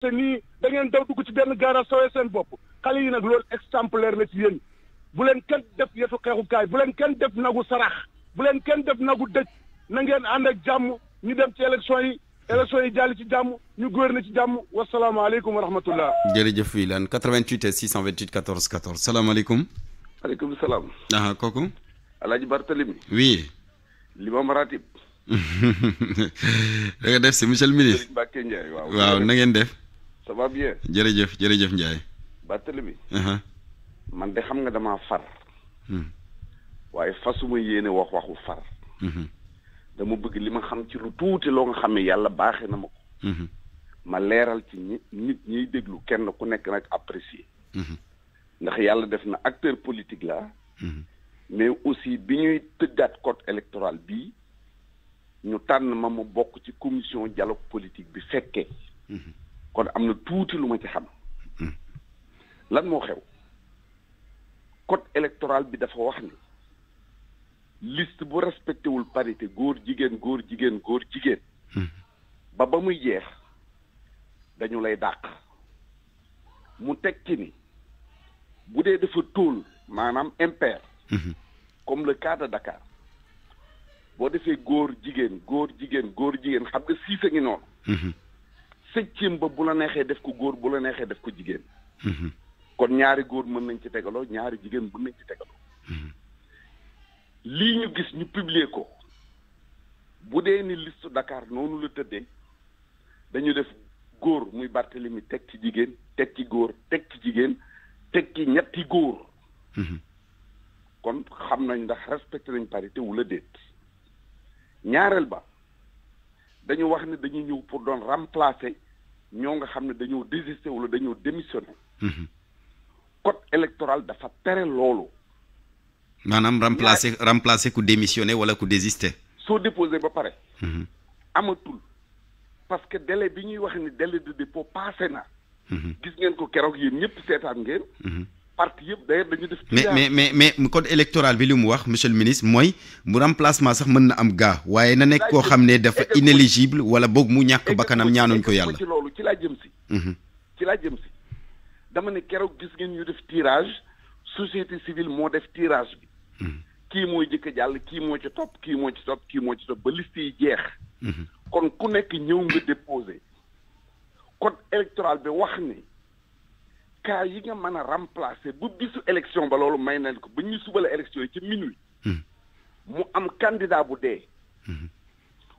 te nii da ngeen daw dugg ci benn gaara sooyee seen bopp xale yi nag loolu exemplaire la ci yéen bu leen kenn def yetu xeexukaay bu leen kenn def nagu sarax bu leen kenn def nagu dëj na ngeen ànd ak jàmm ñu dem ci élection yi élection yi jàll ci jàmm ñu gouverne ci jàmm wasalaamaaleykum wa rahmatullah jërëjëf wi lan 88 628 14 14 salaamaaleykum aleykum salaam ah kooku alaaji Barthélémy oui Limam Ratib da nga def si monsieur le ministre Mbacke Ndiaye waaw na ngeen def ça va bien. jërëjëf jërëjëf Ndiaye. Barthélemy. man de xam nga dama far. Hmm. Waye fasuma yene wax waxu far. Hmm. dama bëgg lima xam ci lu tuuti lo nga xamé Yalla baxé baaxee na ma ko. Hmm. ma léral ci nit ñi déglu kenn ku nekk nak apprécier. Hmm. ndax Yalla def na acteur politique la. Hmm. mais aussi biñuy ñuy tëggaat code électoral bii ñu tan ma mu bokk ci commission dialogue politique bi Hmm. kon amna na tuuti lu ci xam. lan mo xew code électoral bi dafa wax ni liste bu respecté wul parité góor jigen góor jigen góor jigen ba ba muy jeex dañu lay dàq. mu teg ci ni bu dee dafa tóol maanaam impair. comme le cas de Dakar boo defee góor jigéen góor jigéen góor jigéen xam nga siisa ngi noonu. septième ba bu la neexee def ko góor bu la neexee def ko jigéen mhm. kon ñaari góor mën nañ ci tegaloo ñaari jigéen mën nañ ci tegaloo mhm. lii ñu gis ñu publier ko bu dee ni listu Dakar noonu la tëddee dañu def góor muy Barthélemy teg ci jigéen teg ci góor teg ci jigéen teg ci ñetti góor mhm. kon xam nañ ndax respecté nañ parité wala déet ñaareel ba dañu wax ne dañu ñëw pour doon remplacer ñoo nga xam ne dañoo désister wala dañoo démissionné. Mhm. code électoral dafa tere loolu. maanaam remplacer remplacer ku démissionné wala ku désister. soo déposé ba pare. Mhm. amatul parce que délai bi ñuy wax ni délai de dépôt passé na. Mhm. gis ngeen ko keroog yéen ñëpp seetaan ngeen. Mais d'ailleurs dañu def. mais mais mais le code électoral bi li mu wax monsieur le ministre moy mu remplacement sax mën na am ga waye na nek ko xamné dafa inéligible wala bok mu ñàkk bakanam ñaanuñ ko yalla ci lolu ci la jëm si. Mhm. ci la jëm ci dama ne keroog gis ngeen ñu def tirage société civile mo def tirage bi. Mhm. ki moy jëk jall ki mo ci top, ki mo ci top ki mo ci top ba liste yi jeex. Mhm. kon ku nekk ñëw nga déposé code électoral bi wax ni. cas yi nga mën a remplacer bu bisu élection ba loolu may nañ ko ba ñuy subale élection yi ci minuit. Hmm. mu am candidat bu dee. Hmm.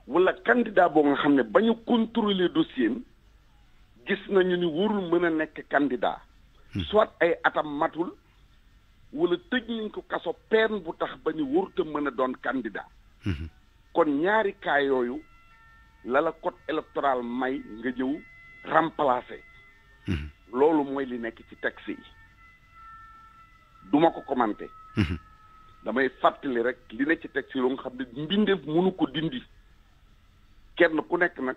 wala candidat boo nga xam ne ba ñu contrôler dossier gis nañu ni warul mën a nekk candidat. Hmm. soit ay atam matul wala tëj nañ ko kaso peine bu tax ba ñu warut a mën a doon candidat. kon ñaari cas yooyu la la may nga jëw remplacer. loolu mooy li nekk ci texte yi du ko commenté. Mhm. damay fàttali rek li ne ci texte yi lu nga xam ne mbindeef mënu ko dindi kenn ku nekk nag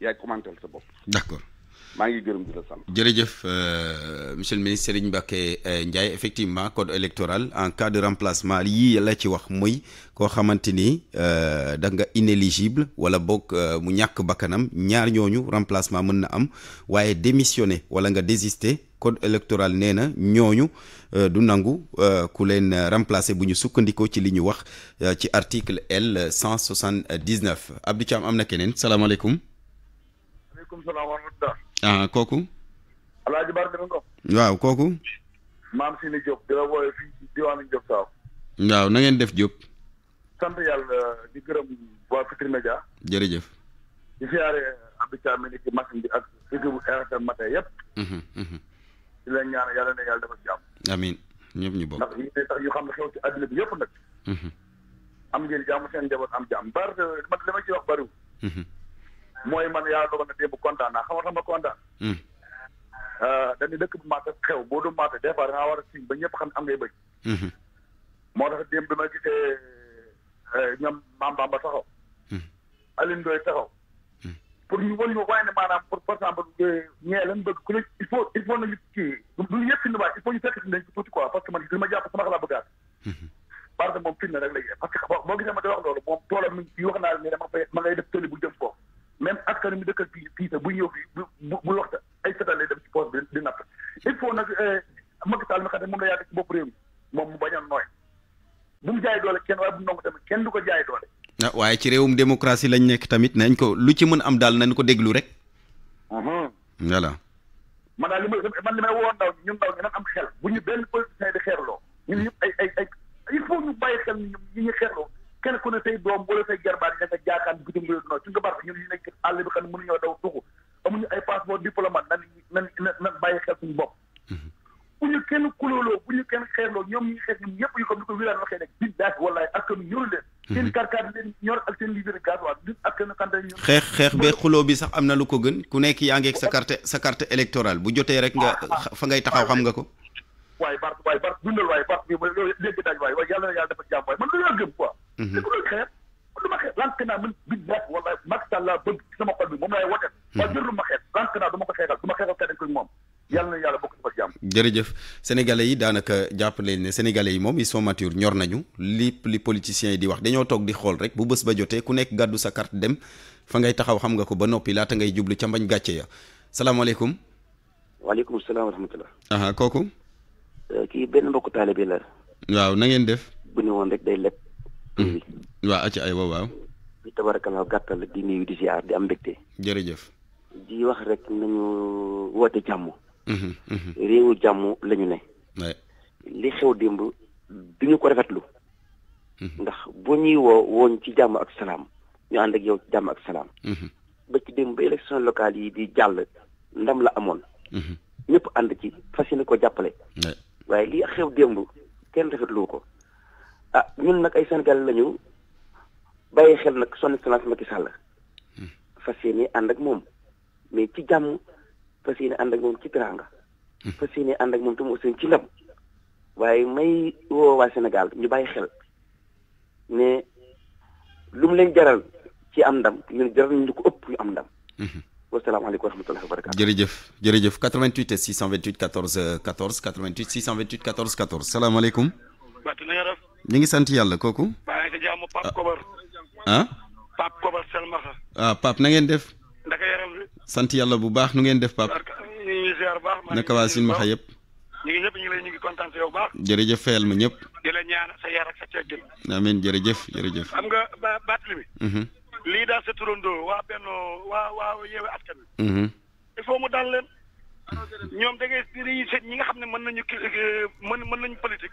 yaay commenté sa bopp. d'accord. maa ngi gërëm di la sant. jërëjëf euh, monsieur le ministre Serigne Mbacké euh, Ndiaye effectivement code électoral en cas de remplacement yii la ci wax muy koo xamante ni euh, da nga inéligible wala boog mu ñàkk bakanam, ñaar ñooñu remplacement mën na am waaye démissionné wala nga désister code électoral n'est pas ñooñu du nangu ku len remplacer bu ñu ci li ñu wax ci article L 179 Abdou amna am Salam keneen aleykum salaam wa rahmatulah. Ah, kooku. El Hadj Baar dama ko. waaw kooku. maam Sini Diop di la wooyee fii ci diwaanu Diop Saaw. waaw na ngeen def Diop. sant yàlla di gërëm waa Fitri Média. jërëjëf. di siyaare Abdou Thiam ci machine bi ak équipe RFM matin yëpp. Mhm, mhm. di leen ñaan yàlla ne yàlla dafa jàmm. amiin ñëpp ñu bokk. ndax ñu tax ñu xam ne xew ci àddina bi yëpp nag. Mhm. am ngeen jàmm seen njaboot am jàmm Baar man li wax bariwul. mooy man yàlla dogal na démb kontaan naa xam nga ma kontaan. Hmm. Euh, dañuy dëkk bu maata xew boo du maata des fois da war a ba ñëpp xam ne am ngay hmm. moo tax démb bi ma gisee euh, ñoom Maam Bamba taxaw. Hmm. Alioune Ndoye taxaw. pour ñu wan pour par exemple ñee lan bëgg ku ne il faut il faut nañu kii duñu yëpp fitna waaye il faut ñu fekk fitna ci tuuti quoi parce que man dama jàpp sama xalaat bëggaat. parce que moom fitna la parce que boo gisee ma di wax loolu moom toolam mi wax naa ne dama fay ma ngay def tëli bu jëm foofu. même askan mi dëkkal fii fii sax bu ñëw fii bu bu bu waxta ay setal lay dem ci poche bi di il faut nag euh, Macky Sall mi xam ne moom la yàgg ci bopp réew mi moom mu bañoon nooy bu mu jaay doole kenn waaye bu mu nangu tamit kenn du ko jaay doole. Ah, waaye ci réewum démocratie lañ nekk tamit nañ ko lu ci mën am daal nañ ko déglu rek. Mhm. voilà. man daal li may man li may woo ndaw ñun ndaw am xel bu ñu benn politicien di xeerloo ñun ñëpp ay ay il faut ñu bàyyi xel ñu ñu xeerloo. kenn ku ne say doom wala say jarbaat yi nga jaakaan bi bitim réew noonu ci nga bar nekk kenn kulooloo bu ñu kenn xeerloo yu comme ko wilaan waxee nekk di daaj wallaay askanu ñoru leen seen karkaat leen ñor ak seen livre bi sax am na lu ko gën ku nekk yaa ngeeg sa carte sa carte électorale bu jotee rek nga fa ngay taxaw xam nga ko waay Bart waay Bart dundal waay Bart bi dégg daaj na yàlla dafa jàmm waay man lu yaa gëm quoi te ku dul ma xeeb lank naa mën billahi hmm. jërëjëf sénégalais yi daanaka jàpp leen ne sénégalais yi moom ils sont ñor nañu lépp li politiciens yi di wax dañoo toog di xool rek bu bés ba jotee ku nekk gàddu sa carte dem fa ngay taxaw xam nga ko ba noppi laata ngay jublu ca mbañ gàcce ya salaamaaleykum waaleykum salaam wa rahmatullah kooku kii benn mbokk taalibe la waaw na ngeen def bu ne woon rek day lekk Mhm. waaw acca ay waaw. bi tabarakallaa gàttal di nuyu di ziar di am mbégte. jërëjëf. di wax rek nañu woote jàmm. Mhm, mhm. réewu jàmm lañu ne. li xew démb du ñu ko rafetlu. ndax boo ñuy woo wooñ ci jàmm ak salaam ñu ànd ak yow ci jàmm ak salaam. ba ci démb ba élection locale yi di jàll ndam la amoon. ñëpp ànd ci fas yéene ko jàppale. waaye li xew démb kenn rafetlu ko. ah ñun nag ay Sénégal la ñu bàyyi xel nag son excellence Macky Sall fas yéene ànd ak moom mais ci jàmm fas yéene ànd ak moom ci teraanga hmm. fas yéene ànd ak moom tam aussi ci ndam waaye may woo waa Sénégal ñu bàyyi xel ne lu mu leen jaral ci am ndam ñun jaral ñu ko ëpp ñu am ndam hmm. wasalaamaaleykum wa rahmatulah wa barakaatu. jërëjëf jërëjëf 88 628 14 14 88 628 14 14 salaamaaleykum. ñi ngi sant yalla koku bàyyi nga pap ah. Kobar. ah. Pap Kobar Selmaxa. ah pap na ngeen def. ndaka yaram sant yalla bu baax nu ngeen def pap ñu ziar baax. naka wa sin Maxa yëpp. ñi ngi ñëpp lay ñi ngi contenté si yow baax. jërëjëf fayal ma ñëpp. di la ñaan sa yar ak sa teggin. amiin jërëjëf jërëjëf. xam nga ba baat li mi. sa turandoo waa benn waa waa yeewe askan wi. Mhm. il faut mu daal leen. Mhm. ñoom da ngay ñi nga mën nañu mën mën nañu politique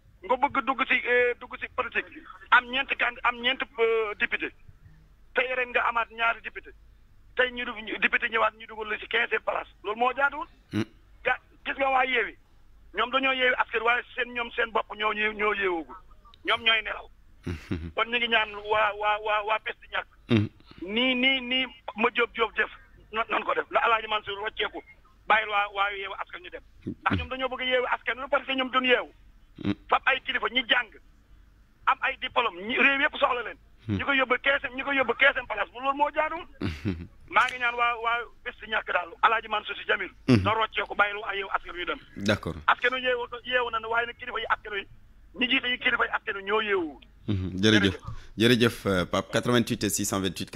nga bëgg dugg si euh, dugg si politique am ñeent kan am ñeent euh, député tey ren nga amaat ñaari député tey ñu du député ñëwaat ñu dugal la si quinze place loolu moo jaaduwul. Hmm. ga gis nga waa yeewi ñoom dañoo yeewi askan waaye seen ñoom seen bopp ñoo ñoo yeewoogul ñoom ñooy nelaw. kon ñu ngi ñaan waa waa waa waa pes hmm. nii nii nii ma jóob jóob def nan ko def la Alaaji Mansour rocceeku bàyyil waa waa yeewu askan ñu dem. Hmm. ndax ñoom dañoo bëgg yeewu askan lu parce que ñoom duñ yeewu. Mm. fab ay kilifa ñi jàng am ay diplôme ñi réew yëpp soxla leen. Mm. ñi ko yóbbu keesam ñi ko yóbbu keesam place bu loolu moo jaaduwul. maa ngi ñaan waa waa bés ñàkk daal alaaji Mansour Sy Jamil. Mm-hmm. na rocceeku bàyyi lu ay yow askan wi ñu dem. d' accord askan wi yeewu yeewu nañu waaye nag kilifa yi askan wi ñi jiite yi kilifa yi askan wi ñoo yeewu. Mm-hmm. jërëjëf jërëjëf euh, Pape 88 628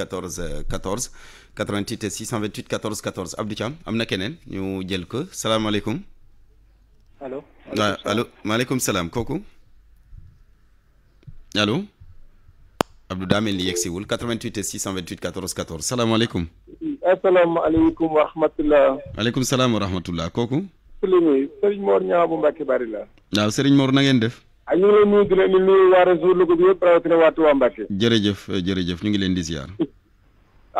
14 14 88 628 14 14 Abdou Thiam am na keneen ñu jël ko salaamaaleykum. allo allo maaleykum salaam kooku allo Abdou daa mel ni yegsiwul 88 628 14 14 salaamaaleykum. asalaamaaleykum wa rahmatulah. maaleykum salaam wa rahmatulah koku Souleymane Serigne Mor Niang bu Mbacke Bari la. waaw Serigne Mor na ngeen def. ah ñu ngi leen nuyu di leen wa waa réseau Louga bi yëpp rawatina waa Touba Mbacke. jërëjëf jërëjëf ñu ngi leen di ziar.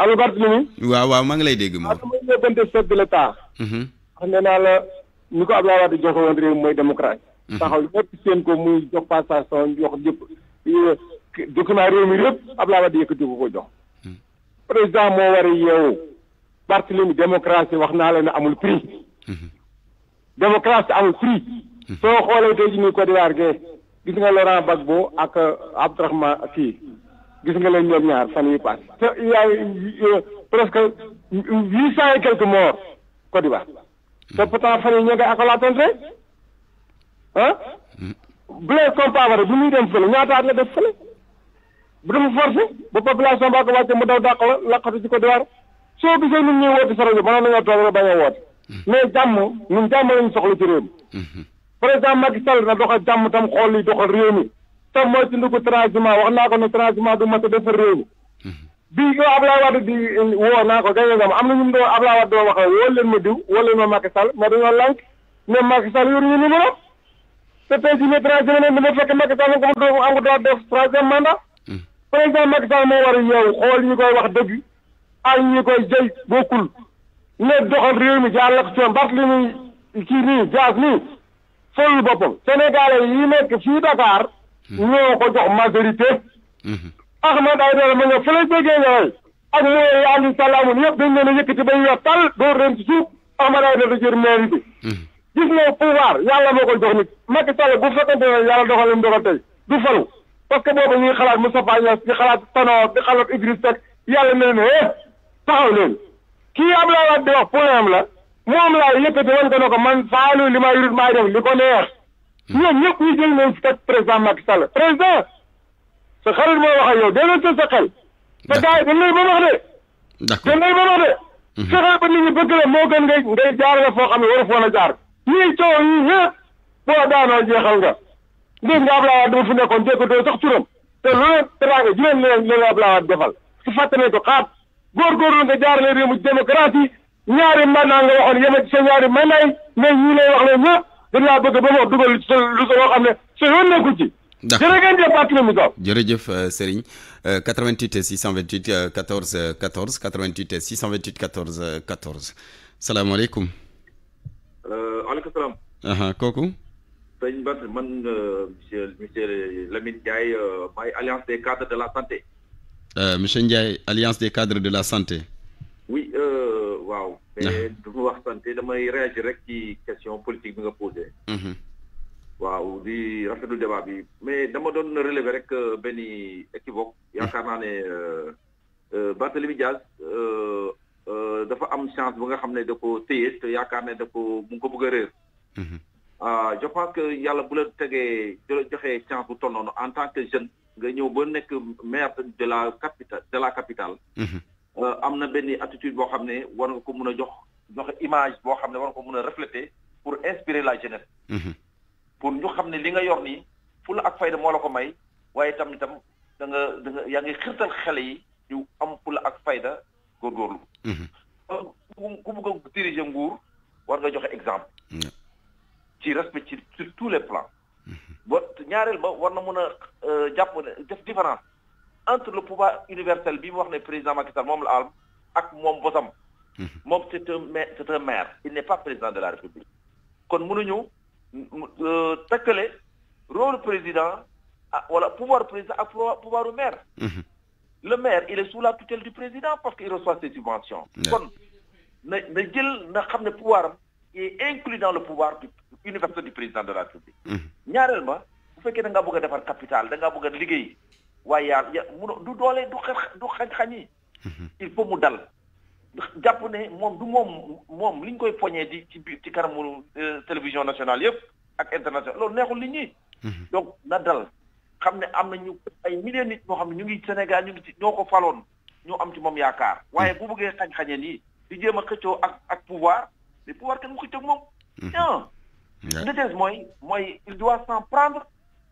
allo Barthélémy. Wa wa, ma ngi lay dégg Mor. ah sama yóbbante chef de l'État. Hmm. ne la. ñu ko Abdoulaye Wade joxe woon réew mooy démocratie. Mhm. taxaw ñëpp seen ko muy jox passation jox yëpp document réew mi yëpp Abdoulaye Wade yëkkati ko ko jox. Mhm. président moo war a yeewu Barthélemy démocratie wax naa la ne amul prix. Mhm. démocratie amul prix. soo xoolee tey jii nii Côte d'Ivoire gee gis nga Laurent Gbagbo ak euh, Abdourahmane kii gis nga la ñoom ñaar fan yii paas. te y' a euh, presque huit cent et te pourtant fan yii ñoo koy akolaatoon rek ah. Blaise Compaoré bu muy dem mu ñaata at la def fële bu dem forcé ba population ba ko wàcce mu daw dàq la laqatu ci ko diwaar soo gisee ñun ñuy woote sa rajo mënoon nañoo toog rek bañ a woote. mais jàmm ñun jàmm lañu soxla ci réew mi. président Macky Sall na doxal jàmm tam xool li doxal réew mi. te mooy ci ndugg transhumant wax naa ko ne transhumant du mat a defar réew bii eh, doo Ablaye Wade di woo naa ko gaye nga ma am na ñu doon Ablaye Wade doon wax woo leen ma diw woo leen ma Macky Sall ma dañoo lànk ne Macky Sall yoruñu numéro te tey jii ne troisième ne dina fekk Macky Sall nga ko doon am droit hmm. moo war a ñëw xool ñu koy wax dëgg ak ñi koy jëy bokkul ne doxal réew mi jaar la ko ci Barthélémy kii nii Dias nii solul boppam sénégalais yi nekk fii Dakar hmm. ñoo ko jox majorité hmm. Ahmed Aïdara ma nga fële ca Guédiawaye ak mooy yi ànd salaamun yëpp dañ leen a yëkkati ba ñu tal door leen ci suuf Ahmed Aïdara jër mairie bi hmm. gis nga pouvoir yàlla moo koy jox nit Macky Sall bu fekkante ne yàlla doxal li mu doxal tey du falu parce que boobu ñuy xalaat Moustapha Niass di xalaat Tanor di xalaat Idriss Seck yàlla ne leen eh taxaw leen kii Abdoulaye Wade di wax problème la moom laa yëkkati wan ko man faalu li ma yurit maa li ko neex hmm. ñoom ñëpp ñu jël تخرج من روحي ودين تنتقل فتاي بني بمغني بني بمغني شغل بني بكرة مو كان جاي جاي جار لا فوق من ورف وانا جار مين تو مين بوا دانا جي خلقه دين قبل عاد مفنا كون جي كتو تخترم تلو تراني جين لين قبل عاد دفل فاتني تو قاب غور غور لين جار لين ريم ديمقراطي ñaari man nga waxon yema ci ñaari man lay mais ñi lay wax lay ñu dañ la bëgg ba mo duggal lu lu xamne sa yoon ne ko ci jërëjëf euh, Serigne 88 628 14 14 88 628 14 14 salaamaaleykum. waaleykum euh, salaam. kooku. sëñ Ba man euh, monsieur monsieur Lamine Ndiaye maay alliance des cadres de la santé. monsieur Ndiaye alliance des cadres de la santé. oui waaw. Ah. mais du wax santé damay réagir rek ci question politique bi nga posé. Mhm. waaw di du débat bi mais dama doon relever rek euh, benn équivoque yaakaar naa ne euh, euh, Barthélémy Diaz dafa am chance bu nga xam ne da ko téye yaakaar ne da ko mu ko bëgg a réer mhm. ah, je pense que yàlla bu la tegee joxee chance bu toll noonu en tant que jeune nga ñëw ba nekk maire de la capitale de la capitale mhm. am na benn attitude boo xam ne war nga ko mun a jox joxe image boo xam ne war nga ko mun a refléter pour inspirer la jeunesse mhm. pour ñu xam ne li nga yor nii fulla ak fayda moo la ko may waaye tamitam itam da nga da nga yaa ngi xirtal xele yi ñu am fulla ak fayda góorgóorlu. Mhm. ku bëgg a diriger nguur war nga joxe exemple. ci respect ci sur tous les plans. Mhm. ba ñaareel ba war na mën a euh, jàpp ne def différence entre le pouvoir universel bi mu wax ne président Macky Sall moom la am ak moom bosam. Mhm. moom c'est un maire c'est un maire il n'est pas président de la république kon mënuñu. Euh, takale rôle président ah, wala pouvoir président pouvoir du maire mhm. le maire il est sous la tutelle du président parce qu'il reçoit ses subventions Mais mais na na xam pouvoir est inclus dans le pouvoir universel du président de la République mhm. ñaareel vous bu fekkee da ngaa bëgg a defar capital da ngaa bëgg a liggéey ya du doole du du mhm. il faut mu dal jàpp ne moom du moom moom liñ koy poñee di ci biir ci kanamu euh, télévision nationale yëpp ak international loolu neexul li ñi mhm. donc na dal xam ne am nañu ay milliers nit ñoo xam ne ñu ngi Sénégal ñu ngi ci ñoo ko faloon ñoo am ci moom yaakaar mhm. waaye bu bëggee xañ-xañee nii di jéem a xëccoo ak ak pouvoir mais pouvoir kenn mu xëccoo moom mhm. non déteste mooy mooy il doit s'en prendre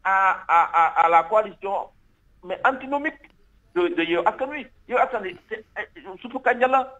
à à à à la coalition mais antinomique de de yow askan wi yow askan wi euh, suufu kànja la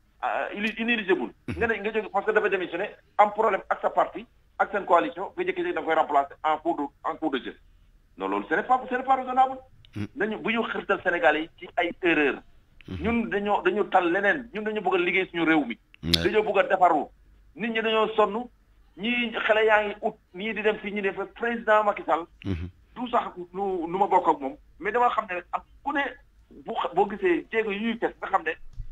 Euh, inéligible mhm. nga ne nga jóge parce que dafa démissionné am problème ak sa parti ak seen coalition nga jékki-jékki da nga koy remplacer en cours de en cours de jeu non loolu ce n'est pas ce n'est pas raisonnable mhm. nañu bu ñu xirtal Sénégalais yi ci ay erreur mhm. ñun dañoo dañu tal leneen ñun dañu bëgg a liggéey suñu réew mi dañoo bëgg a defaru nit ñi dañoo sonn ñi xale yaa ngi ut ñii di dem fii ñu ne fa président Macky Sall du sax nu nu ma bokk moom mais dama xam ne am ku ne bu boo gisee jéego yu ñuy teg nga xam ne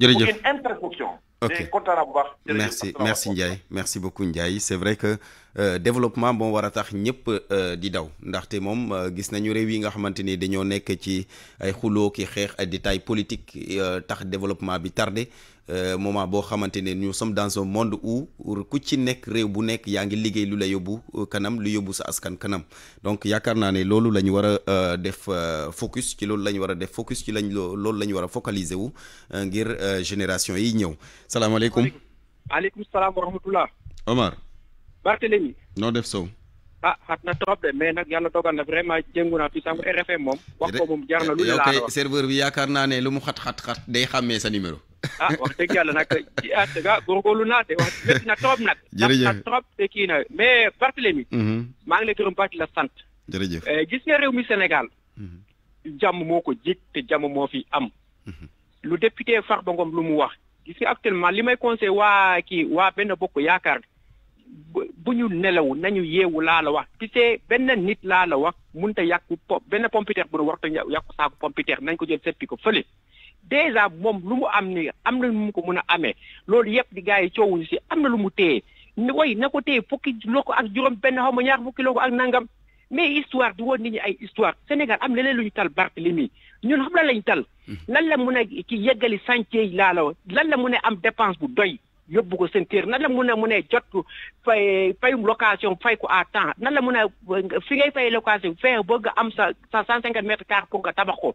une merci merci Ndiaye merci beaucoup Ndiaye c'est vrai que euh, développement bon tax ñëpp euh, di daw euh, gis nañu réew yi nga xamanteni détail politique tax développement bi tardé. Euh, moment bo xamantene ne nous sommes dans un monde où ku ci nek rew bu nek yaangi ngi liggéey lu la euh, kanam lu yobbu sa askan kanam donc yakarna naa ne loolu la wara war euh, def focus ci loolu la wara def focus ci lañ loolu la wara focaliser wu ngir génération yi ñew salam alaykoum alaykoum salam wa rahmatullah. Omar. Barthélémy. no def Sow. ah xat na trop de mais nak yalla dogal na vraiment jëngu naa fi sànq RFM mom wax ko mom jarna lu eh, la laa wax serveur bi yakarna naa ne lu mu xat xat xat day xamé sa numéro. ah wax dëgg yàlla nag ci at naa te wax métti na trop nag. jërëjëf na kii na mais Barthélémy. Mhm. maa ngi lay gërëm baax la sant. Eh, gis nga réew mi Sénégal. Mhm. jàmm moo ko jig te jàmm moo fi am. Mhm. lu député Farba Ngom lu mu wax. gis nga actuellement li may conseil waa ki waa benn bokk yaakaar bu ñu nelaw nañu yeewu laa la wax gisee benn nit laa la wax mënut a yàqu po benn pompiteer bu nu warut a yàqu saako nañ ko jël seppi ko fële. déjà moom lu mu am ni am na lu mu ko mën a amee loolu yëpp di gars yi coowuñu si am na lu mu téye ni way na ko téye fukki loko ak juróom benn xaw ma ñaar fukki loko ak nangam mais histoire di woon nit ñi ay histoire Sénégal am na leneen lu ñu tal Barthélemy ñun xam la lañ tal lan la mun a ki yeggali chantier yi laa la lan la mun a am dépense bu doy yóbbu ko seen kër nan la mun a mun a jot fay fayum location fay ko à temps nan la mun a fi ngay fay location feex ba nga am sa sa cent cinquante mètres carrés pour nga ko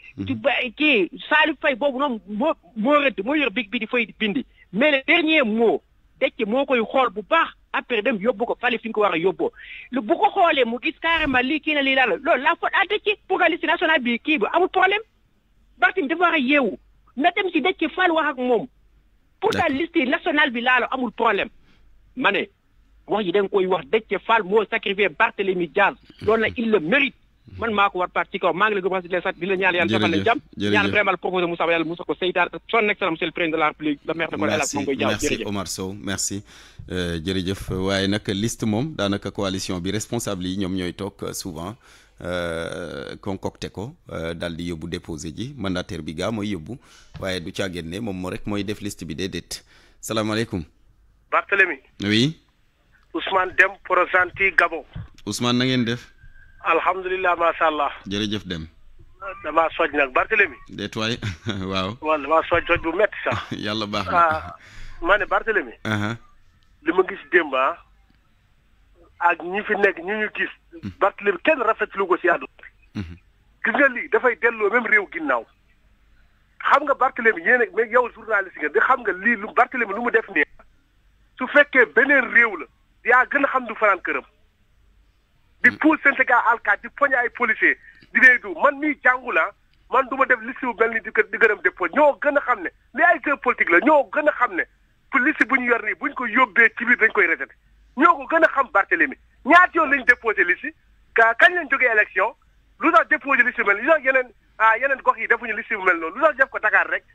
Mhm. tu ba kii Salif big bi mais le dernier mot Déthié moo koy bu baax après dem ko fi ko a bu ko mu gis carrément la la faute pour liste nationale bi ki problème y a na Fall pour la liste nationale bi amul problème Mané, wax yi dang koy wax Fall sacrifié Diaz mhm. il le mérite man maa ko war parti kaw maa ngi la gërëm di la sant di la ñaan yàlla defal la jàmm ñaan vraiment proposé Moussa yàlla Moussa ko seytaan son excellence monsieur le président de la République le maire de Gorée El Hadj Mangoy Diaw merci Omar Sow merci euh, jërëjëf waaye nag liste moom daanaka coalition bi responsable yi ñoom ñooy toog euh, souvent euh, concocté ko dal di yóbbu déposé ji mandataire bi gaa mooy yóbbu waaye du càggeen ne moom moo rek mooy def liste bi déedéet salaamaaleykum Barthélemy oui Ousmane Dem Prosanti Gabon Ousmane na ngeen def alhamdulilah macha allah. jërëjëf dem damaa soj nag Barthélemy. déet waay waaw. waaw damaa soj soj bu metti sax. yàlla baax na ah, ma ne Barthélemy. li ma gis démb ah, ak ñi fi nekk ñu ñu gis. Hmm. Barthélemy kenn rafetlu ko si àdduna bi. Hmm. gis nga lii dafay delloo même réew ginnaaw. xam nga Barthélemy yéen mais yow journaliste nga di xam nga lii lu Barthélemy lu mu def nii. su fekkee beneen réew la. yaa gën a xam du fanaan këram. di puus syndicat alkaat di poñe ay policier di dee du man mii jangula man duma def liste bu mel ni di di gërëm dépôt ñoo gën a li ay jeu politique la ñoo gëna xamne xam ne liste bu yor ni buñ ko yobbe ci bi dañ koy rejeté ñoo ko gëna xam Barthélemy ñaat yoon lañ déposé liste ka kañ lañ jógee élection lu tax déposé liste mel lu tax yeneen ah yenen gox yi defuñu liste bu mel non lu tax def ko Dakar rek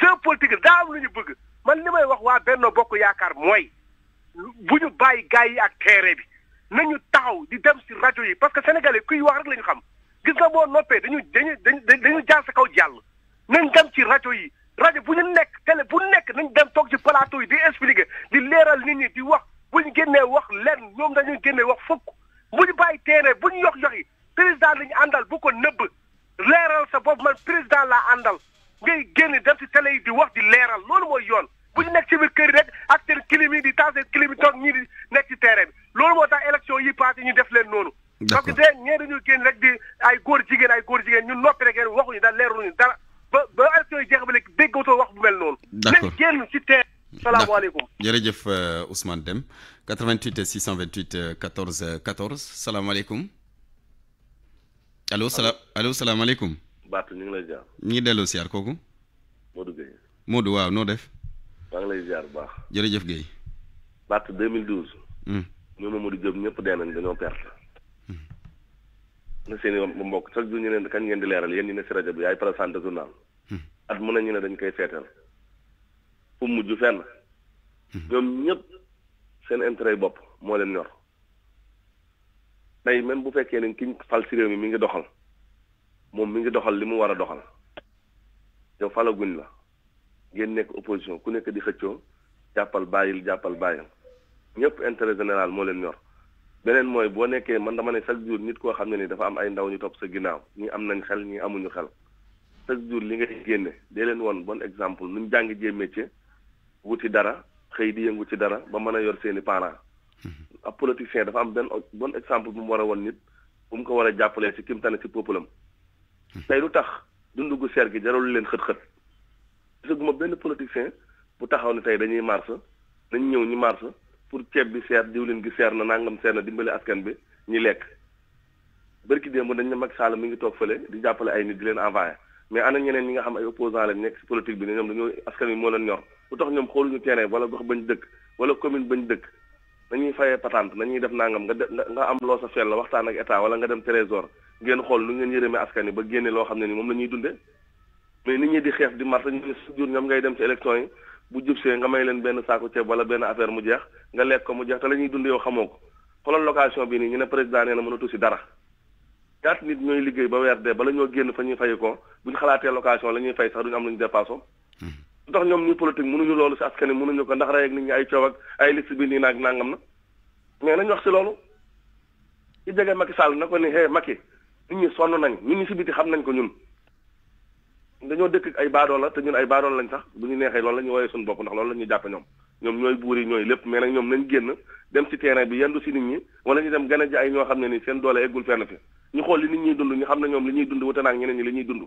jeu politique daa am lu ñu bëgg man limay wax wa Benno Bokk yaakar moy buñu ñu gaay yi ak terrain bi na ñu taxaw di dem si rajo yi parce que sénégalais kuy wax rek la ñu xam gis nga boo noppee dañu dañu dañu jaar sa kaw jàll nañ dem ci rajo yi rajo bu ñu nekk tele bu nekk nañ dem toog ci plateau yi di expliquer di leeral nit ñi di wax bu ñu génnee wax lenn ñoom dañuy génnee wax fukk bu ñu bàyyi teene bu ñu yox yox yi président lañu àndal bu ko nëbb leeral sa bopp man président la àndal ngay génne dem si yi di wax di leeral loolu mooy yoon bu ñu nekk ci biir kër di taal seen clim yi di nekk ci terrain bi loolu moo tax élection yi passé ñu def leen noonu. parce que de ñee rek di ay góor jigéen ay góor jigéen ñun noppi rek yéen waxuñu daal leeruñu dara ba ba élection yi jeex ba léegi déggatoo wax bu mel noonu. d'accord nañ génn ci terrain. salaamaaleykum jërëjëf euh, Ousmane Deme 88 628 14 14 salaamaaleykum allo salaam allo salaamaaleykum. alo ñu ngi lay jaar. ñu ngi delloo siyaar kooku. modu Gueye. waaw noo def. maa ngi lay ziar bu baax. jërëjëf Guèye. Batt 2012. ñoom Mamadou Diop ñëpp dee nañ dañoo perte. Hmm. na seen i mbokk chaque jour ñu ne kañ ngeen di leeral yéen ñi ne si rajo bi yaay présenté journal. Hmm. at mun nañu ne dañ koy feetal. fu mujj fenn. Hmm. ñoom ñëpp seen intérêt bopp moo leen ñor. tey même bu fekkee ne kiñ fal si réew mi mi ngi doxal. moom mi ngi doxal li mu war a doxal. yow falaguñ la. ngeen nekk opposition ku nekk di xëccoo jàppal bàyyil jàppal bàyyil ñëpp intérêt général moo leen yor beneen mooy boo nekkee man dama ne chaque jour nit koo xam ne ni dafa am ay ndaw ñu topp sa ginnaaw ñi am nañ xel ñi amuñu xel chaque jour li ngay génne dee leen woon bon exemple nuñ jàng jee métier wuti dara xëy di yëngu ci dara ba mën a yor seeni parents mm-hmm. ab politicien dafa am benn bon exemple bu mu war a woon nit bu mu ko war a jàppalee ci kim tane ci peuple am mm-hmm. tey lu tax dundu gu seer gi jarul leen xët gisaguma benn politicien bu taxaw ne tey dañuy marche dañ ñëw ñu marche pour ceeb bi seer diwlin gi seer na nangam seer na dimbali askan bi ñi lekk bërki démb dañ ne Macky Sall mi ngi toog fële di jàppale ay nit di leen envoyé mais ana ñeneen ñi nga xam ay opposant lañ nekk si politique bi ne ñoom dañoo askan bi moo leen ñor lu tax ñoom xooluñu terrain wala gox bañ dëkk wala commune bañ dëkk nañuy fayee patente nañuy def nangam nga nga am loo sa fell la waxtaan ak état loo xam ne ni la ñuy dundee mais nit ñi di xeex di mars ñu ne toujours ñoom ngay dem ci élection yi bu jubsee nga may leen benn saaku ceeb wala benn affaire mu jeex nga lekk ko mu jeex te la ñuy dund yow xamoo ko location bi ni ñu ne président nee na mënatu si dara ñaat nit ñooy liggéey ba weer dee bala ñoo génn fa ñuy fay ko buñ xalaatee location la ñuy fay sax duñ am luñu dépasso lu tax ñoom ñu politique mënuñu loolu si askan mënuñu ko ndax rey nit ñi ay coow ak ay liste bi nii naag nangam na mais nañ wax si loolu ki jege Macky Sall na ko ni hé Macky nit ñi sonn nañ nit ñi si biti xam nañ ko ñun dañoo dëkk ay baadool la te ñun ay baadool lañ sax bu ñu neexee loolu la ñu woowee suñu bopp ndax loolu la ñuy jàpp ñoom ñoom ñooy buur yi ñooy lépp mais nag ñoom nañ génn dem ci terrain bi yendu si nit ñi wala ñu dem gën a ji ay ñoo xam ne ni seen doole eggul fenn fi ñu xool li nit ñuy dund ñu xam ne ñoom li ñuy dund wuute na ak ñeneen ñi li ñuy dund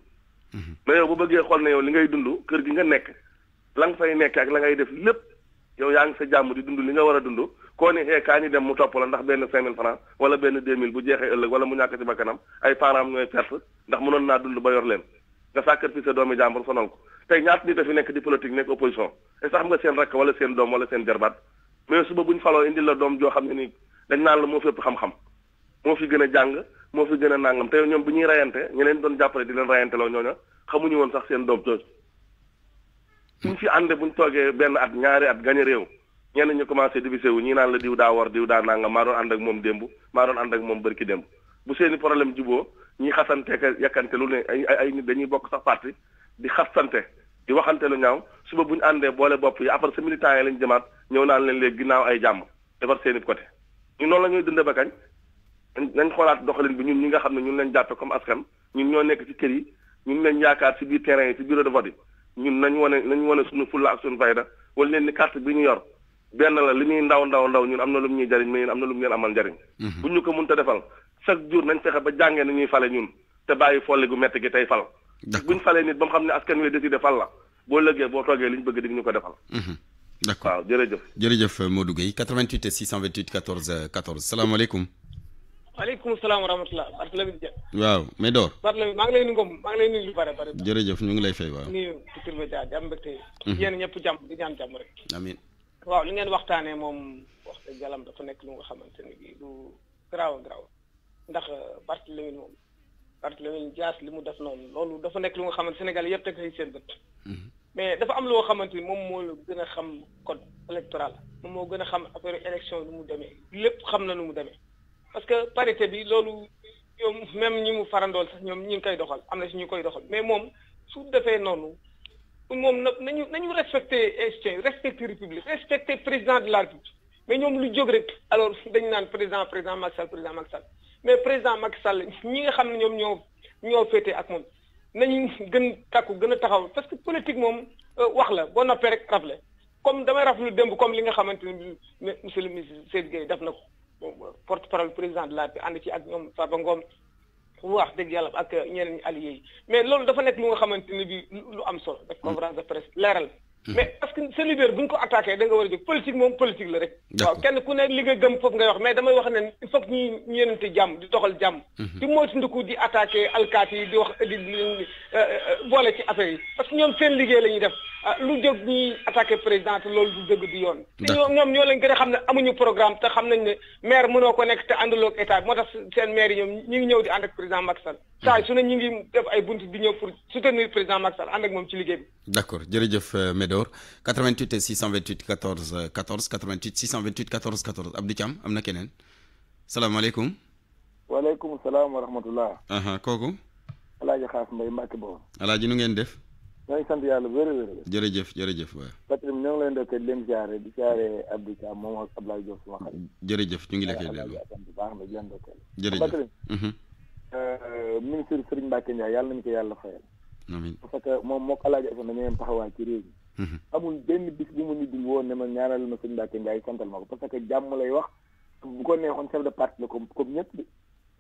mhm. mais yow bu bëggee xool ne yow li ngay dund kër gi nga nekk la nga fay nekk ak la ngay def lépp yow yaa ngi sa jàmm di dund li nga war a dund koo ni dem mu topp la ndax benn cinq mille benn deux mille bu jeexee ëllëg wala mu ñàkk ci bakkanam ay parents ñooy perte ndax mënoon naa dund ba leen nga sacrifice sa doomi jàmbur sonal ko tey ñaata nit dafi nekk di politique nekk opposition est ce nga seen rakk wala seen doom wala seen jarbaat mais suba bu ñu faloo indi la doom joo xam ne nii dañ naan la moo fépp xam-xam moo fi gën a jàng moo fi gën a nangam te ñoom bu ñuy rayante ñu leen doon jàppale di leen rayante loo ñooña xamuñu woon sax seen doom jooju suñ fi ànde ñu toogee benn at ñaari at gañ a réew ñenn ñu commencé divisé wu ñii naan la diw daa war diw daa nangam maa doon moom démb maa doon ànd ak moom bërki démb bu seeni problème jibo ñuy xasante ka yàkkante lu ne ay ay nit dañuy bokk sax parti di xasante di waxante lu ñaaw suba bu ñu àndee boole bopp yi après sa militant yi lañ jëmaat ñëw naan leen léegi ginnaaw ay jàmm defar seeni côté ñu noonu la ñuy dundee ba kañ nañ xoolaat doxalin bi ñun ñi nga xam ne ñun lañ jàppe comme askan ñun ñoo nekk ci kër yi ñun lañ yaakaar terrain yi ci bureau de vote yi ñun nañ wane nañ wane suñu fulla ak suñu fayda wala leen ni carte bi ñu yor benn la li ñuy ndaw ndaw ndaw ñu am na lu mu ñuy jariñ mais ñun am na lu mu leen amal njariñ mhm. bu ñu ko mënta defal chaque jour nañ fexe ba jàngee na ñuy fale ñun te bàyyi folle gu métti gi tey fal. buñ falee nit ba mu xam ne askan wi décidé fal la boo lëggee boo toogee liñ bëgg dig ñu ko defal. Mhm. d' accord waaw jërëjëf. jërëjëf Modou Gueye 88 628 14 14 salaamaaleykum. maaleykum salaam wa rahmatulah. waaw mais door. Barthélémy maa ngi lay nuyu Ngom maa ngi lay nuyu lu bare bare. ñu ngi lay fay waaw. nuyu Couture ba Dia di am mbégte. Mhm. yéen ñëpp jàmm di ñaan jàmm rek. waaw li ngeen waxtaanee moom wax dëgg yàlla dafa nekk lu xamante ni lu garaaw garaaw. ndax euh, Barthélémy moom Barthélémy Dias li mu def noonu loolu dafa nekk lu nga xamante Sénégal yëpp teg nañ seen bët. Mhm. mais dafa am loo xamante ni moom moo gën a xam code électoral moom moo gën a xam affaire élection nu mu demee lépp xam na nu mu demee. parce que parité bi loolu ñoom même ñi mu farandool sax ñoom ñi ngi koy doxal am na si ñu koy doxal mais moom su defee noonu moom nag nañu nañu respecter institution respecter république respecter président de la république mais ñoom lu jóg rek alors dañ naan président président Macky président Macky Sall mais président Macky Sall ñi nga xam ne ñoom ñoo ñoo féete ak moom nañu gën takku gën a taxaw parce que politique moom euh, wax la boo noppee rek rafle comme damay rafetlu démb comme li nga xamante ni monsieur le ministre Seydou Gueye def na ko euh, porte parole président de la paix ànd ci ak ñoom Farba Ngom wax dëgg yàlla ak ñeneen ñi alliés yi mais loolu dafa nekk lu nga xamante ni bi lu am solo. def conférence de presse leeral. Mhm. mais parce que sa bu ñu ko attaqué da nga war a jóg politique moom politique la rek. waaw kenn ku ne li nga gëm foofu ngay wax mais damay wax ne il faut que ñuy jàmm di doxal jàmm. Mhm. di moytandiku di attaqué alkaati di wax di euh, euh, boole ci affaire yi parce que ñoom seen liggéey la ñuy def. Ah, lu jóg ñuy attaqué président te loolu du dëgg yoon. ñoom ñoo leen gën a xam ne amuñu programme te xam nañ ne maire mënoo ko nekk te àndaloo ak état moo tax seen maire ñoom ñu ngi ñëw di ànd ak président Macky Sall. Hmm. su ne ñu ngi def ay bunt di ñëw pour soutenir président Macky Sall ànd moom ci liggéey bi. d' accord jërëjëf Medor 88 628 14 14 88 628 14 14 Abdou Thiam am na keneen salaamaaleykum. waaleykum salaam wa rahmatulah. kooku. El Hadj Xaas Mbaye Mbacke Bawol. El ngeen def. ñoo ngi sant yàlla wér wér jërëjëf jërëjëf waay Patrick ñoo ngi leen dokkee di leen jaare di jaare Abdou Thiam moom ak Ablaye Diop sama a jërëjëf ñu ngi la koy dellu baax na di leen dokkee jërëjëf Patrick mhm. euh, ministre Serigne Mbacké Ndiaye yàlla nañu ko yàlla fayal parce que moom moo ko alaaji asan dañoo yem taxawaay ci réew mi mhm. amul benn bis bu mu nit di woon ne ma ñaanal ma Serigne Mbacké Ndiaye santal ma ko parce que jàmm lay wax bu ko neexoon chef de parti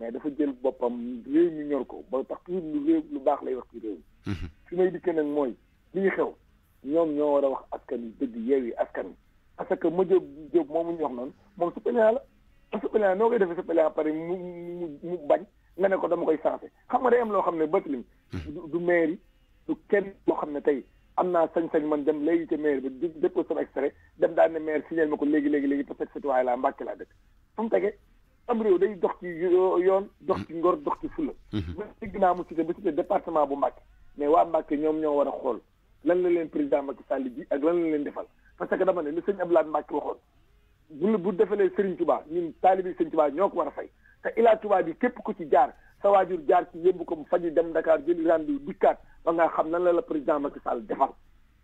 mais dafa jël boppam réew mi ñor ko ba tax toujours lu réew lu baax lay wax ci réew mi fi may dikke nag mooy li xew ñoom ñoo war a wax askan dëgg yeew askan parce que ma jóg jóg moomu ñu wax noonu moom suppléant la suppléant noo koy defee suppléant pare mu mu mu bañ nga ne ko dama koy sensé xam nga day am loo xam ne bëtlim du maire yi du kenn loo xam ne tey am naa sañ-sañ man dem léegi ca maire bi dépp sama extrait dem daal ne maire signal ma ko léegi léegi léegi parce que citoyen laa Mbàkke laa dëkk fu mu tegee am day dox ci yoon dox ci ngor dox ci fula ba dégg naa mu cité ba cité département bu Mbacké mais waa Mbacké ñoom ñoo war a xool lan la leen président Macky Sall ji ak lan la leen defal parce que dama ne li sëñ Abdoulaye Mbacké waxoon bu bu defalee Serigne Touba ñun talibi Serigne Touba ñoo ko war a fay te Ila Touba bi képp ku ci jaar sa wajur jaar ci yóbbu ko mu faji dem Dakar jëli rendu dikkaat ba nga xam nan la la président Macky Sall defal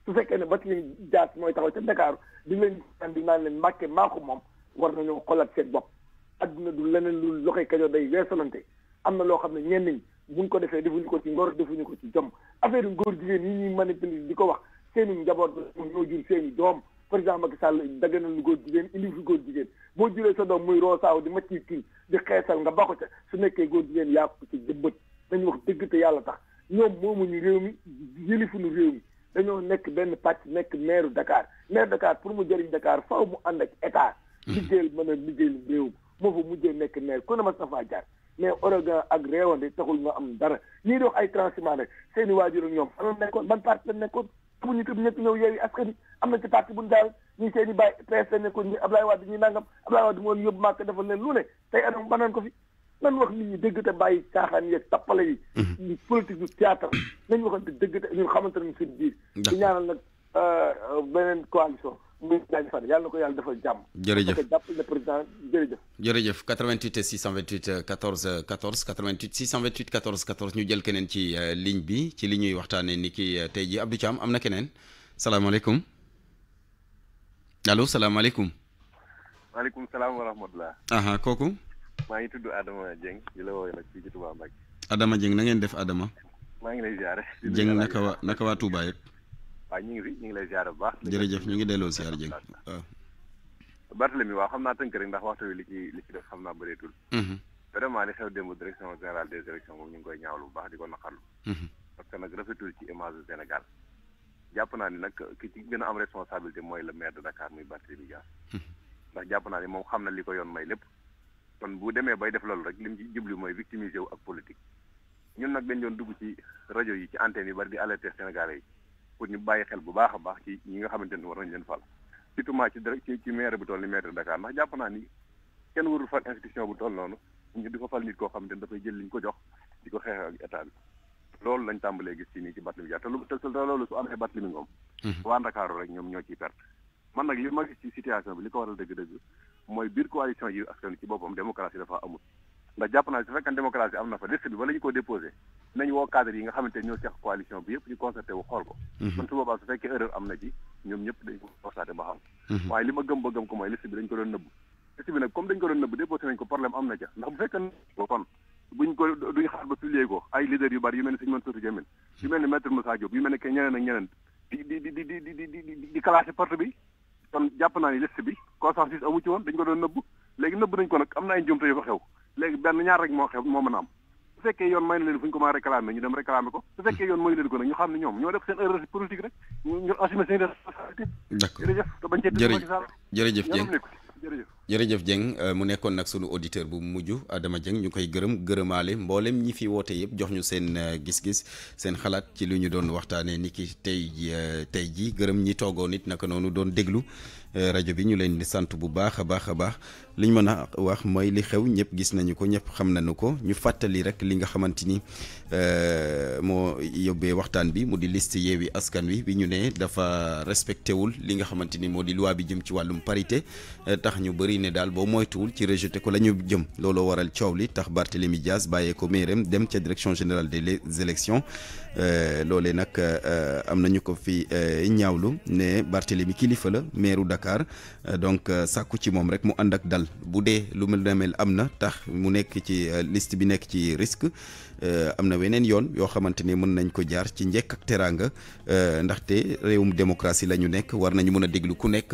su fekkee ne ba ci jaar mooy taxaw ca Dakar di leen di naan leen Mbacké maa ko moom war nañoo xolat seen bopp adduna du leneen lu loxoy Kajoor day weesalante am na loo xam ne ñenn ñi buñ ko defee defuñu ko ci ngor defuñu ko ci jom affaire yu góor jigéen yi ñuy manipuler di ko wax seeni njaboot ñoo jur seeni doom président Macky Sall daganal lu góor jigéen indi fi góor jigéen boo juree sa doom muy roosaaw di macci kii di xeesal nga bako ca su nekkee góor jigéen yaa ko ci jëmbët dañu wax dëgg te yàlla tax ñoom moomuñu réew mi yëlifuñu réew mi dañoo nekk benn pàcc nekk maire dakaar maire Dakar pour mu jëriñ Dakar faaw mu ànd ak état mm-hmm. liggéeyal mën a liggéeyal moo fa mujjee nekk maire ku ne ma Moustapha Diagne mais Oregon ak réewande taxul nga am dara ñii dox ay transhumance rek seen i waajur ak ñoom fan la nekkoon ban parti la nekkoon bu ñu tëb ñëpp ñëw yeewi askan am na ci parti bu ñu daal ñii seen i bàyyi PS la nekkoon ñi Ablaye Wade ñi nangam Ablaye Wade moo yóbbu màkk defal leen lu ne tey anam banaan ko fi nan wax nit ñi dëgg bàyyi caaxaan yeeg tappale yi ñu mhm. politique du théâtre nañ waxante dëgg te ñun xamante muy jaajëfal yàlla jërëjëf parce 88 628 14 14 88 628 14 14 ñu jël keneen ci euh, ligne bi ci li ñuy waxtaanee ni ki euh, tey jii Abdou Thiam am na keneen salaamaaleykum allo salaamaaleykum. maaleykum salaam wa rahmatulah. aha kooku. maa ngi tudd Adama Dieng di la woowee nag fii ci Touba Mbacke. Adama Dieng na ngeen def Adama. maa ngi lay ziare. Dieng naka waa naka waa Touba yëpp. waaw ñu ngi fi ñu ngi lay ziar bu baax. jërëjëf ñu ngi delloo ziar Dieng waaw. Barthélemy waaw xam naa tënk rek ndax waxtu wi li ci li ci def xam naa bëreetul. Mhm. vraiment li xew démb direction générale des élections moom ñu ngi koy ñaawlu bu baax di ko naqarlu. Mhm. parce que nag rafetul ci image du Sénégal. jàpp naa ni nag ki ci gën a am responsabilité mooy le maire de Dakar muy Barthélemy Dias. Mhm. ndax jàpp naa ni moom xam na li ko yoon may lépp. kon bu demee bay def loolu rek li mu ci jublu mooy victimiser wu ak politique. ñun nag dañ doon dugg ci rajo yi ci antenne yi bari di alerter Sénégalais yi pour ñu bàyyi xel bu baax a baax ci ñi nga xamante ni war nañ leen fal surtout ci dara ci ci maire bu toll ni maire de Dakar ndax jàpp naa ni kenn warul fal institution bu toll noonu ñu di fal nit koo xamante ni dafay jël li ñu ko jox di ko xeex ak état bi loolu lañ tàmbalee gis ci nii ci Barthélémy Dias te lu te loolu su amee Barthélémy Ngom mhm. waa Ndakaaru rek ñoom ñoo ci perte man nag li ma gis ci situation bi li ko waral dëgg-dëgg mooy biir coalition yi ci boppam démocratie dafa amul ndax jàpp naa su fekkee bi bala ñu ko déposé nañ woo cadre yi nga xamante ñoo seq coalition bi yëpp ñu concerté wu xool ko mhm. kon su boobaa su fekkee erreur am na ci ñoom ñëpp dañ ko mhm. ma gëm ba gëm ko mooy liste bi dañ ko doon nëbb liste bi nag comme dañ ko doon nëbb déposé nañ ko na ca ndax mhm. woon dañ ko doon nëbb léegi nëbb nañ ko nag am na ay njuumte yu ko xew léegi benn ñaar rek moo xew moo mën am su fekkee yoon may leen fu ñu ko mën a réclamer ñu dem réclamer ko su fekkee yoon mayu leen ko nag ñu xam ne ñoom ñoo def seen erreur politique rek ñu assumer seen responsabilité. d'accord jërëjëf jërëjëf Dieng euh, mu nekkoon nag sunu auditeur bu mujj Adama Dieng ñu koy gërëm gërëmaale mboolem ñi fi woote yëpp jox ñu seen euh, gis-gis sen xalaat ci li ñu doon waxtaanee niki ki tey euh, tey jii gërëm ñi toogoon nit naka noonu doon déglu rajo bi ñu leen di sant bu baax a baax a baax li ñu mën a wax mooy li xew ñëpp gis nañu ko ñëpp xam nañu ko ñu fàttali rek li nga xamante ni moo yóbbee waxtaan bi mu di liste Yewwi Askan Wi bi ñu ne dafa respecté wul li nga xamante ni moo di loi bi jëm ci wàllum parité tax ñu bëri. yi ne daal boo moytuwul ci rejeté ko lañu ñu jëm looloo waral ciowli tax Barthélémy Dias bàyyee ko maireem dem ci direction générale des élections Euh, loolee nag euh, am nañu ko fi euh, ñaawlu ne Barthélemy kilifa la maire Dakar donc sàkku ci moom rek mu ànd ak dal bu dee lu mel ne mel am na tax mu nekk ci liste bi nekk ci risque am na weneen yoon yoo xamante ni mën nañ ko jaar ci njekk ak teraanga ndaxte réewum démocratie la ñu nekk war nañu mën a déglu ku nekk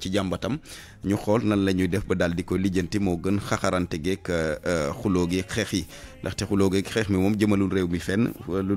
ci jàmbatam ñu xool nan la ñuy def ba daal di ko lijjanti moo gën xaxarante geeg xuloo geeg xeex yi ndaxte xuloo geeg xeex mi moom jëmalul réew mi fenn lu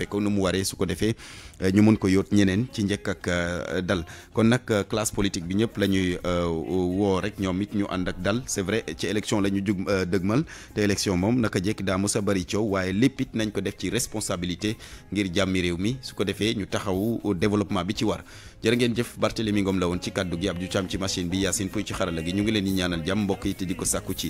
toppee ko nu mu waree su ko defee euh, ñu mun ko yoot ñeneen ci njëkk ak euh, dal kon nag euh, classe politique bi ñëpp la ñuy woo rek ñoom it ñu ànd ak dal c'est vrai ci élection la ñu jug dëgmal te élection moom naka jekk daa mos a bëri coow waaye lépp it nañ ko def ci responsabilité ngir jàmmi réew mi su ko defee ñu taxaw développement bi ci war jërë ngeen jëf Barthélémy Ngom la woon ci kàddu gi Abdou Thiam ci machine bi Yacine Pouy ci xarala gi ñu ngi leen di ñaanal jàmm mbokk yi te di ko sàkku ci